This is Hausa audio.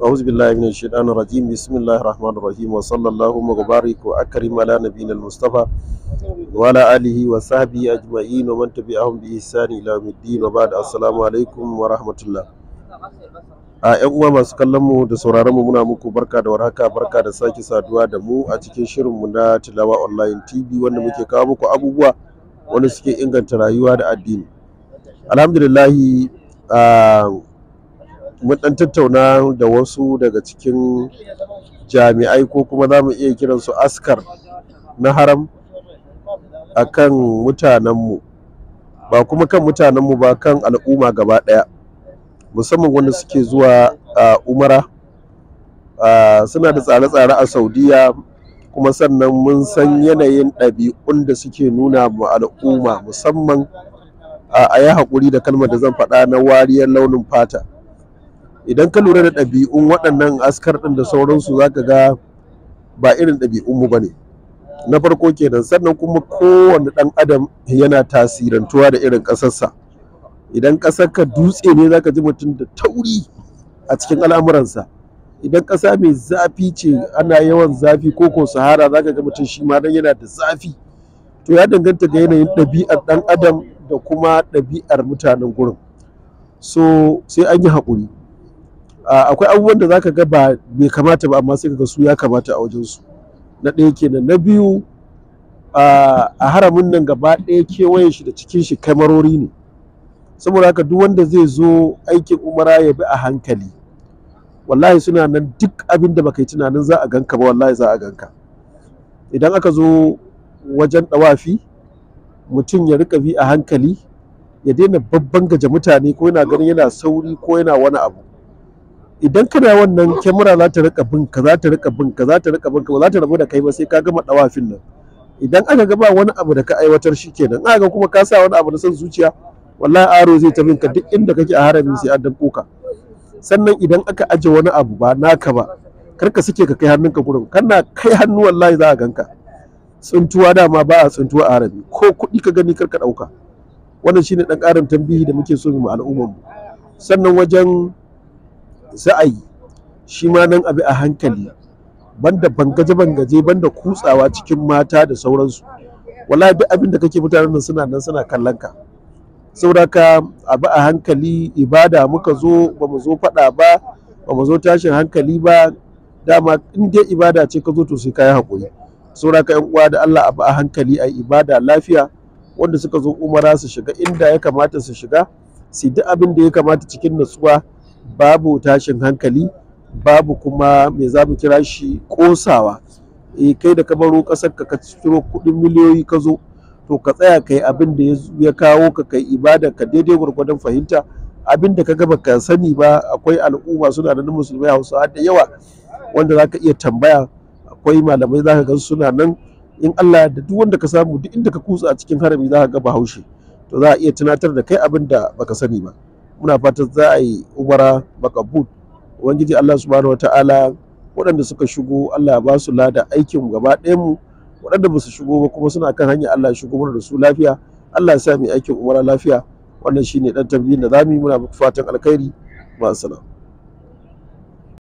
أعوذ بالله من الشيطان الرجيم بسم الله الرحمن الرحيم وصلى الله وبارك وأكرم على نبينا المصطفى وعلى آله وصحبه أجمعين ومن تبعهم بإحسان إلى يوم الدين وبعد السلام عليكم ورحمة الله a ƴan uwa masu kallon mu da sauraron mu muna muku barka da warhaka barka da sake saduwa da mu a cikin shirin mu na tilawa online tv wanda muke kawo muku abubuwa wanda suke inganta rayuwa da addini alhamdulillah uh, mun dan tattauna da wasu daga cikin jami'ai ko kuma za mu iya kiransu askar na haram a kan mutanenmu ba kuma kan mutanenmu ba kan al'umma gaba ɗaya musamman wanda suke zuwa a umara suna da tsare-tsare a saudiya kuma sannan mun san yanayin ɗabi'un da suke nuna ma al'umma musamman a yi haƙuri da kalmar da zan faɗa na wariyar launin fata idan ka lura da ɗabi'un waɗannan askar ɗin da sauransu za ka ga ba irin ɗabi'unmu ba ne na farko kenan sannan kuma kowane ɗan adam yana tasirantuwa da irin ƙasarsa idan ƙasar ka dutse ne za ka ji mutum da tauri a cikin al'amuransa idan ƙasa mai zafi ce ana yawan zafi ko ko sahara za ka ga mutum shi ma dan yana da zafi to ya danganta ga yanayin ɗabi'ar ɗan adam da kuma ɗabi'ar mutanen gurin so sai an yi haƙuri akwai abubuwan da zaka ga ba bai kamata ba amma sai ka ga su ya kamata a wajen su na ɗaya kenan na biyu a haramin nan gaba ɗaya kewayen shi da cikin shi kamarori ne saboda haka duk wanda zai zo aikin umara ya bi a hankali wallahi suna nan duk abin da baka yi tunanin za a ganka ba wallahi za a ganka idan aka zo wajen ɗawafi mutum ya rika bi a hankali ya daina babban gaje mutane ko yana ganin yana sauri ko yana wani abu idan kana wannan kyamara za ta rika bin ka za ta rika bin ka za ta rika bin ka ba za ta rabu da kai ba sai ka gama dawafin nan idan aka ga ba wani abu da ka aiwatar shi kenan aka ga kuma ka sa wani abu na son zuciya wallahi aro zai ta binka duk inda kake a harami sai an dauko ka sannan idan aka aje wani abu ba naka ba karka suke ka kai hannunka gurin kana kai hannu wallahi za a ganka tsuntuwa dama ba a tsuntuwa a harami ko kuɗi ka gani karka ɗauka wannan shine dan karin tambihi da muke so mu al'ummar mu sannan wajen za a yi shi ma nan abi a hankali banda bangaje-bangaje banda kutsawa cikin mata da sauransu wala duk abin da kake mutanen nan suna nan suna kallon ka saboda ka abi a hankali ibada muka zo ba mu zo faɗa ba ba mu zo tashin hankali ba dama in dai ibada ce ka zo to sai ka haƙuri saboda ka yan uwa da Allah abi a hankali a ibada lafiya wanda suka zo umara su shiga inda ya kamata su shiga su duk abin da ya kamata cikin natsuwa babu tashin hankali babu kuma me za mu kira shi kosawa e eh, kai da ka baro ƙasar ka ciro kuɗin miliyoyi ka zo to ka tsaya kai abin da ya kawo ka kai ibada ka daidai gwargwadon fahimta abin da ka gaba ka sani ba akwai al'umma suna da musulmai hausawa da yawa wanda za ka iya tambaya akwai malamai za ka gan suna nan in Allah da duk wanda ka samu duk inda ka kutsa a cikin harami za ka ga bahaushe to za a iya tunatar da kai abin da baka sani ba. muna fatan za a yi umara makabut ubangiji Allah subhanahu wataala waɗanda suka shigo Allah ba su lada aikin gaba ɗayan mu waɗanda ba su shigo ba kuma suna kan hanya Allah shigo mana da su lafiya Allah ya sa aikin umara lafiya wannan shine dan tambayin da zamu yi muna fatan alkhairi ma'asalam